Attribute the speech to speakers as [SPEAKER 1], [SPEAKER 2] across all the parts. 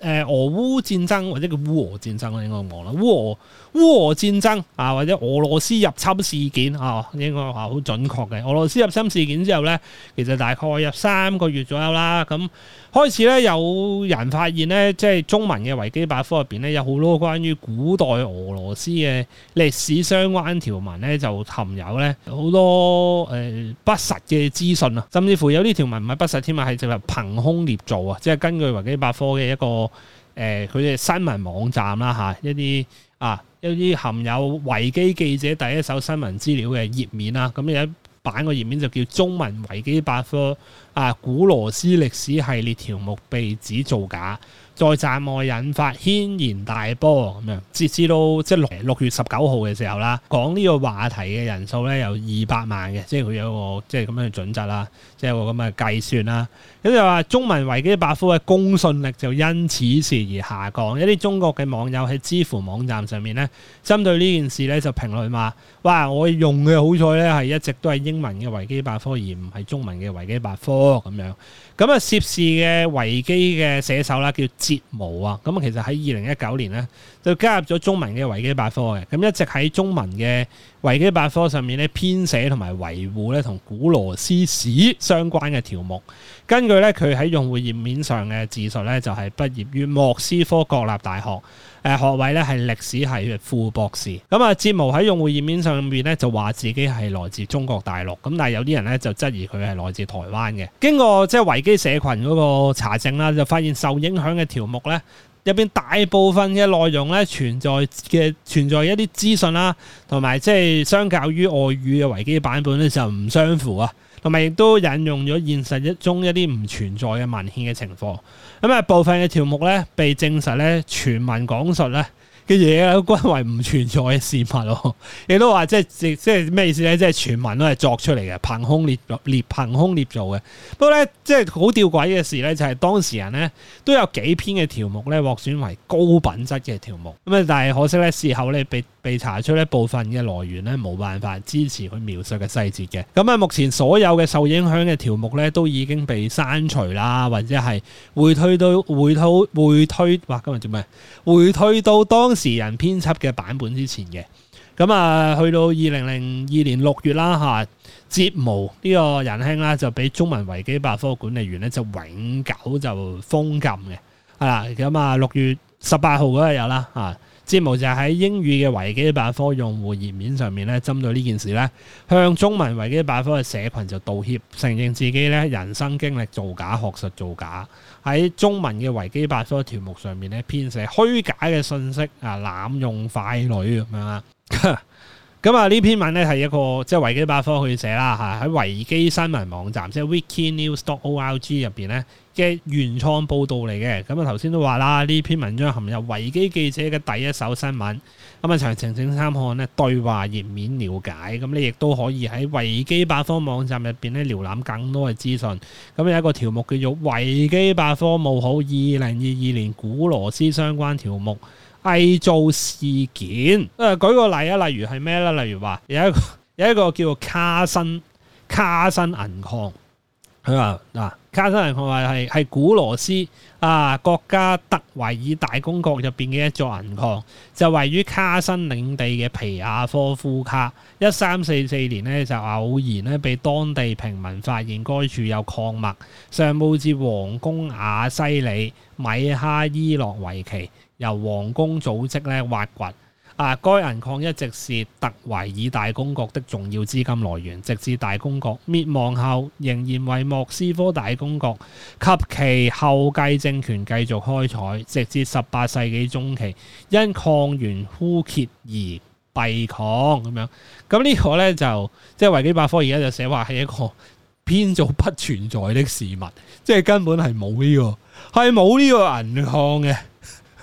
[SPEAKER 1] 誒、呃、俄烏戰爭或者叫烏俄戰爭啦，應該講啦，烏俄烏俄戰爭啊，或者俄羅斯入侵事件啊，應該話好準確嘅。俄羅斯入侵事件之後呢，其實大概有三個月左右啦，咁、啊、開始呢，有人發現呢，即係中文嘅維基百科入邊呢，有好多關於古代俄羅斯嘅歷史相關條文呢，就含有呢好多誒、呃、不實嘅資訊啊，甚至乎有啲條文唔係不實添啊，係直入憑空捏造啊，即係根據維基百科嘅一個。誒、佢嘅新聞網站啦、嚇、一啲啊，一啲含有維基記者第一手新聞資料嘅頁面啦，咁、啊嗯版個頁面就叫中文維基百科啊，古羅斯歷史系列條目被指造假，在站外引發軒然大波咁樣，直至到即係六六月十九號嘅時候啦，講呢個話題嘅人數咧有二百萬嘅，即係佢有個即係咁樣嘅準則啦，即係個咁嘅計算啦。咁就話中文維基百科嘅公信力就因此事而下降，一啲中國嘅網友喺支付網站上面咧，針對呢件事咧就評論話：哇，我用嘅好彩咧係一直都係英文嘅維基百科而唔係中文嘅維基百科咁樣，咁啊涉事嘅維基嘅寫手啦，叫折毛啊，咁啊其實喺二零一九年呢，就加入咗中文嘅維基百科嘅，咁一直喺中文嘅維基百科上面咧編寫同埋維護咧同古羅斯史相關嘅條目。根據咧，佢喺用戶頁面上嘅自述，咧，就係畢業於莫斯科國立大學，誒學位咧係歷史系嘅副博士。咁啊，折毛喺用戶頁面上面咧就話自己係來自中國大陸，咁但係有啲人咧就質疑佢係來自台灣嘅。經過即係、就是、維基社群嗰個查證啦，就發現受影響嘅條目咧入邊大部分嘅內容咧存在嘅存在一啲資訊啦，同埋即係相較於外語嘅維基版本咧就唔相符啊。同埋亦都引用咗現實中一啲唔存在嘅文獻嘅情況，咁啊部分嘅條目咧被證實咧全文講述咧嘅嘢啊，均為唔存在嘅事物咯。亦都話即係即係咩意思咧？即係傳聞都係作出嚟嘅，憑空捏捏，憑空捏造嘅。不過咧，即係好吊詭嘅事咧，就係、是、當事人咧都有幾篇嘅條目咧獲選為高品質嘅條目。咁啊，但係可惜咧，事後咧被被查出一部分嘅來源咧冇辦法支持佢描述嘅細節嘅。咁啊，目前所有嘅受影響嘅條目咧都已經被刪除啦，或者係回退到回退回退。哇！今日做咩？回退到當時時人編輯嘅版本之前嘅。咁啊，去到二零零二年六月啦吓，節、啊、毛呢個仁兄啦就俾中文維基百科管理員咧就永久就封禁嘅，係啦，咁啊六月十八號嗰日啦吓。啊節目就係喺英語嘅維基百科用戶頁面上面咧，針對呢件事咧，向中文維基百科嘅社群就道歉，承認自己咧人生經歷造假、學術造假，喺中文嘅維基百科條目上面咧編寫虛假嘅信息啊，濫用傀儡咁樣啦。 咁啊，呢篇文咧係一個即係、就是、維基百科去寫啦吓，喺維基新聞網站即係、就是、WikiNews.org 入邊咧嘅原創報導嚟嘅。咁啊頭先都話啦，呢篇文章含有維基記者嘅第一手新聞。咁啊，詳情請參看呢對話頁面了解。咁你亦都可以喺維基百科網站入邊咧瀏覽更多嘅資訊。咁有一個條目叫做維基百科冒號。二零二二年古羅斯相關條目。偽造事件，誒舉個例啊，例如係咩咧？例如話有一個有一個叫做卡辛卡辛銀礦，佢話嗱卡辛銀礦話係係古羅斯啊國家特維爾大公國入邊嘅一座銀礦，就位於卡辛領地嘅皮亞科夫卡。一三四四年呢，就偶然咧被當地平民發現該處有礦脈，上報至王宮亞西里米哈伊洛維奇。由皇宮組織咧挖掘，啊，該銀礦一直是特維爾大公國的重要資金來源，直至大公國滅亡後，仍然為莫斯科大公國及其後繼政權繼續開採，直至十八世紀中期因呼而，因礦源枯竭而閉礦。咁樣，咁呢個呢就即係維基百科而家就寫話係一個編造不存在的事物，即、就、係、是、根本係冇呢個，係冇呢個銀礦嘅。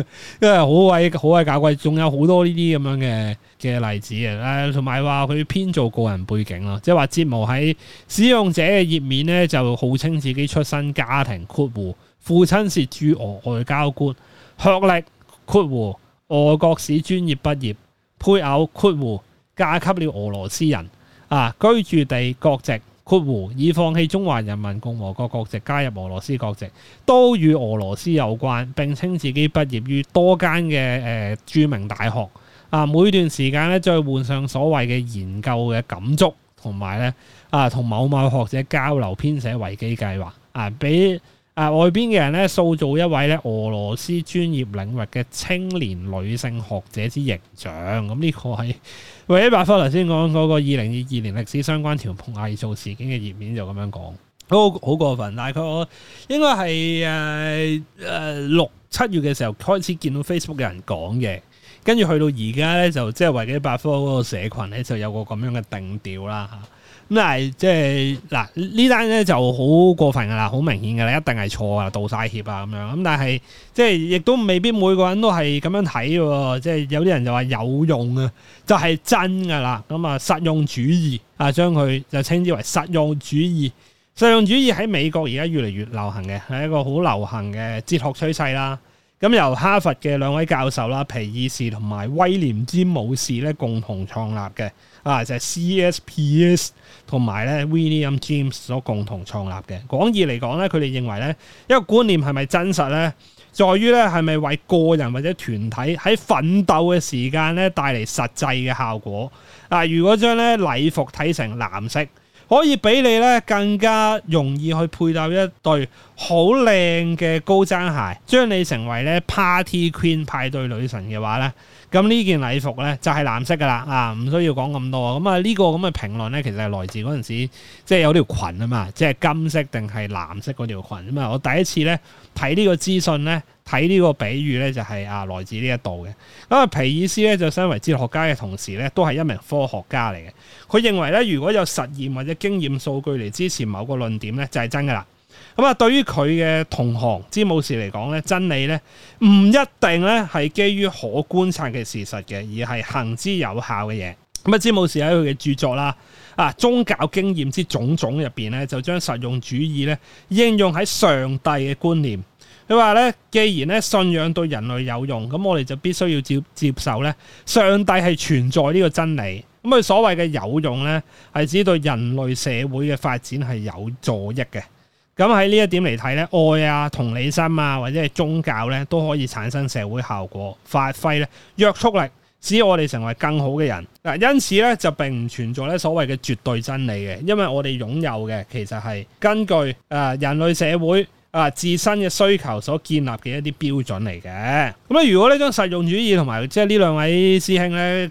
[SPEAKER 1] 因為好鬼好鬼，搞鬼，仲有好多呢啲咁樣嘅嘅例子啊，同埋話佢編造個人背景咯，即係話節目喺使用者嘅頁面呢，就號稱自己出身家庭括弧，父親是駐俄外交官，學歷括弧，俄國史專業畢業，配偶括弧，嫁給了俄羅斯人啊，居住地國籍。括弧，以放棄中華人民共和國國籍，加入俄羅斯國籍，都與俄羅斯有關，并稱自己畢業於多間嘅、呃、著名大學。啊，每段時間咧再換上所謂嘅研究嘅感觸，同埋咧啊，同某某學者交流編寫維基計劃。啊，俾。啊！外邊嘅人咧，塑造一位咧俄羅斯專業領域嘅青年女性學者之形象。咁呢個喺維基百科頭先講嗰個二零二二年歷史相關條目偽造事件嘅頁面就咁樣講，好好過分。大概我應該係、呃呃、六七月嘅時候開始見到 Facebook 嘅人講嘅。跟住去到而家咧，就即係維基百科嗰個社群咧，就有個咁樣嘅定調啦嚇。咁但係即係嗱呢單咧就好、是、過分噶啦，好明顯噶啦，一定係錯道啊，道晒歉啊咁樣。咁但係即係亦都未必每個人都係咁樣睇喎。即、就、係、是、有啲人就話有用啊，就係、是、真噶啦。咁啊，實用主義啊，將佢就稱之為實用主義。實用主義喺美國而家越嚟越流行嘅，係一個好流行嘅哲學趨勢啦。咁由哈佛嘅兩位教授啦，皮爾士同埋威廉詹姆士咧，共同創立嘅，啊就係 CSPS 同埋咧 William James 所共同創立嘅。廣義嚟講咧，佢哋認為咧一個觀念係咪真實咧，在於咧係咪為個人或者團體喺奮鬥嘅時間咧帶嚟實際嘅效果。啊，如果將咧禮服睇成藍色，可以俾你咧更加容易去配搭一對好靚嘅高踭鞋，將你成為咧 party queen 派對女神嘅話咧，咁呢件禮服咧就係藍色噶啦啊，唔需要講咁多啊。咁啊呢個咁嘅評論咧，其實係來自嗰陣時，即係有條裙啊嘛，即係金色定係藍色嗰條裙啊嘛。我第一次咧睇呢個資訊咧，睇呢個比喻咧就係啊來自呢一度嘅。咁啊皮爾斯咧就身為哲學家嘅同時咧，都係一名科學家嚟嘅。佢認為咧，如果有實驗或者經驗數據嚟支持某個論點咧，就係真噶啦。咁啊，對於佢嘅同行詹姆士嚟講咧，真理咧唔一定咧係基於可觀察嘅事實嘅，而係行之有效嘅嘢。咁啊，詹姆士喺佢嘅著作啦啊宗教經驗之種種入面咧，就將實用主義咧應用喺上帝嘅觀念。佢話咧，既然咧信仰對人類有用，咁我哋就必須要接接受咧上帝係存在呢個真理。咁佢所謂嘅有用咧，係指對人類社會嘅發展係有助益嘅。咁喺呢一點嚟睇呢，愛啊、同理心啊，或者係宗教呢，都可以產生社會效果，發揮呢約束力，使我哋成為更好嘅人。嗱，因此呢，就並唔存在呢所謂嘅絕對真理嘅，因為我哋擁有嘅其實係根據、呃、人類社會。啊，自身嘅需求所建立嘅一啲標準嚟嘅。咁咧，如果呢張實用主義同埋即係呢兩位師兄呢，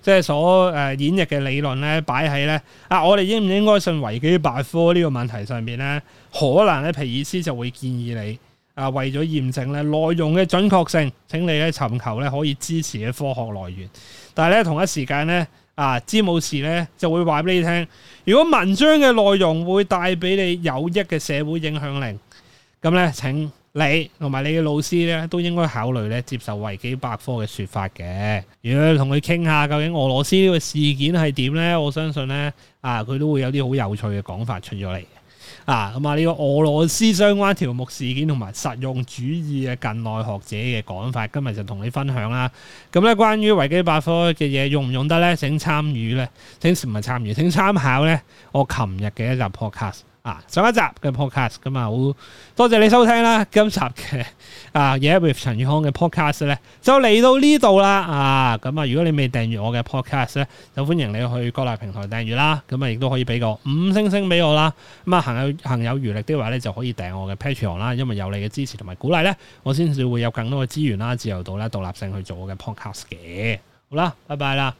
[SPEAKER 1] 即係所誒演繹嘅理論呢，擺喺呢，啊，我哋應唔應該信維基百科呢個問題上面呢？可能咧皮爾斯就會建議你啊，為咗驗證咧內容嘅準確性，請你咧尋求咧可以支持嘅科學來源。但係咧同一時間呢，啊，詹姆士呢就會話俾你聽，如果文章嘅內容會帶俾你有益嘅社會影響力。咁咧，請你同埋你嘅老師咧，都應該考慮咧接受維基百科嘅說法嘅。如果同佢傾下究竟俄羅斯呢個事件係點咧，我相信咧啊，佢都會有啲好有趣嘅講法出咗嚟。啊，咁啊，呢個俄羅斯相關條目事件同埋實用主義嘅近代學者嘅講法，今日就同你分享啦。咁咧，關於維基百科嘅嘢用唔用得咧？請參與咧，請唔係參與，請參考咧我琴日嘅一集 podcast。啊！上一集嘅 podcast 咁、嗯、啊，好多謝你收聽啦。今集嘅啊、Yeah、with y With 陳宇康嘅 podcast 咧，就嚟到呢度啦。啊，咁、嗯、啊，如果你未訂閱我嘅 podcast 咧，就歡迎你去各大平台訂閱啦。咁、嗯、啊，亦、嗯、都可以俾個五星星俾我啦。咁、嗯、啊，行有行有餘力嘅話咧，你就可以訂我嘅 Patreon 啦。因為有你嘅支持同埋鼓勵咧，我先至會有更多嘅資源啦，自由度啦、獨立性去做我嘅 podcast 嘅。好啦，拜拜啦！